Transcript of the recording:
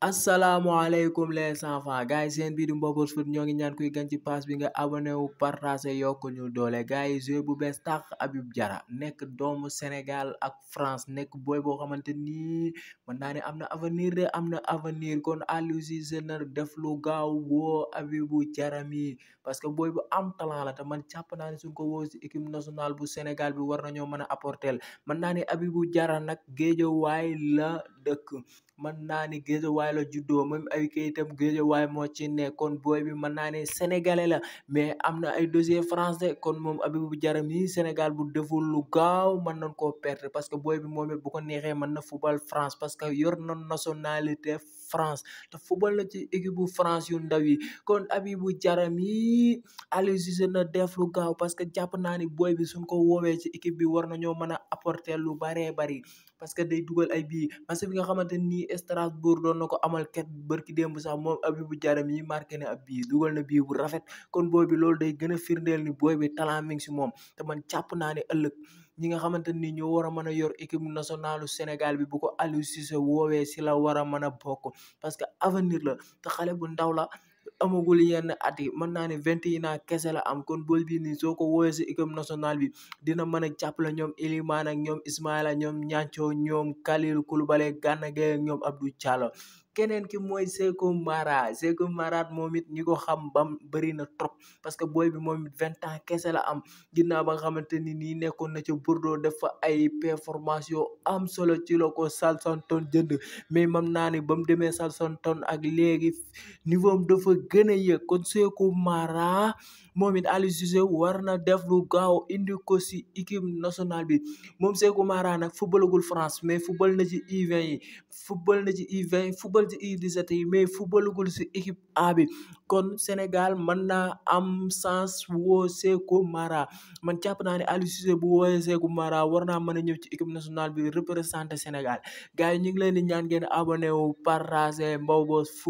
asalaamaaleykum les enfants gars yi seen bii di Mbobos ñoo ngi ñaan kuy gan ci pass bi nga abonné wu partagé yokk ñu doole gars yi joueur bu bees tax Habib Diarra nekk doomu Sénégal ak France nekk booy boo xamante nii man naa ne am na avenir de am na avenir kon Aliou Cissé def lu gaaw woo Habibou Diarra mi parce que boy bu am talent man jàpp naa ne suñ ko si équipe nationale bu Sénégal bi war nañoo mën a apporter mën naa ne Habibou Diarra nag géejawaay la dëkk mën naa ni Guédiawaye la juddoo même ay kayitam Guédiawaye moo ci nekkoon booy bi mën naa ne sénégalais la mais am na ay dossier français kon moom Habibou Diarra mi Sénégal bu deful lu gaaw man nañ koo perte parce que booy bi moom bo ko neexee man na football France parce que yor na nationalité France te football la ci équipe bu France yu ndaw yi kon Habibou bu mi Aliou Cissé na def lu gaaw parce que jàpp naa ni booy bi suñ ko woowee ci équipe bi war nañoo mën a apporter lu baree bari nga xamante ni Strasbourg doon na ko amal ket bërki démb sax moom Habibou Diarra mi marqué ne a bii dugal na bii bu rafet kon booy bi loolu day gën a firndeel ni booy bi talent mi ngi si moom te man jàpp naa ne ëllëg ñi nga xamante ni ñoo war a mën a yor équipe nationalu Sénégal bi bu ko Aliou Cissé woowee si la war a mën a bokk parce que avenir la te xale bu ndaw la amagul yenn at yi mën naa ne vingt et kese la am kon bool bii nii soo ko woowee si équipe nationale bi dina mën a jàppale ñoom Iliman ak ñoom Ismaila ñoom Niancho ñoom Kalidou Koulibaly Gana Gueye ak ñoom Abdou Diallo keneen ki mooy Sékou Mara Sékou Mara moom it ñi ko xam bam bëri na trop parce que booy bi moom it vingt ans kese la am ginnaaw ba nga xamante ni nii nekkoon na ca Bordeaux def fa ay performance yoo am solo ci la ko Southampton jënd mais mam naa ni ba mu demee Southampton ak léegi niveau am dafa gën a yëg kon Sékou Mara moom it Aliou Cissé war na def lu gaaw indi ko si équipe nationale bi moom Sékou Mara nag footballagul France mais football na ci yi football na ci football ci U17 yi mais footballagul si équipe A kon Sénégal mën naa am sens woo Sékou Mara man jàpp naa ne Aliou Cissé bu woowee Sékou Mara war naa mën a ñëw ci équipe nationale bi représenté Sénégal gars yi ñu ngi leen di ñaan ngeen abonné wu partager Mbow Boss